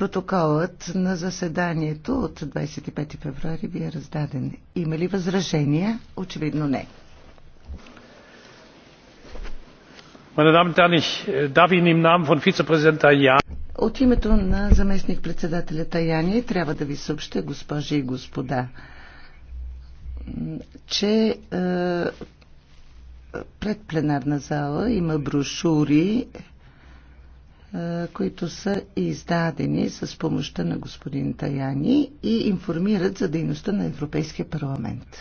Протоколът на заседанието от 25 февруари ви е раздаден. Има ли възражения? Очевидно не. Äh, от името на заместник председателя Таяни трябва да ви съобща, госпожи и господа, че е, пред пленарна зала има брошури е, които са издадени с помощта на господин Таяни и информират за дейността на Европейския парламент.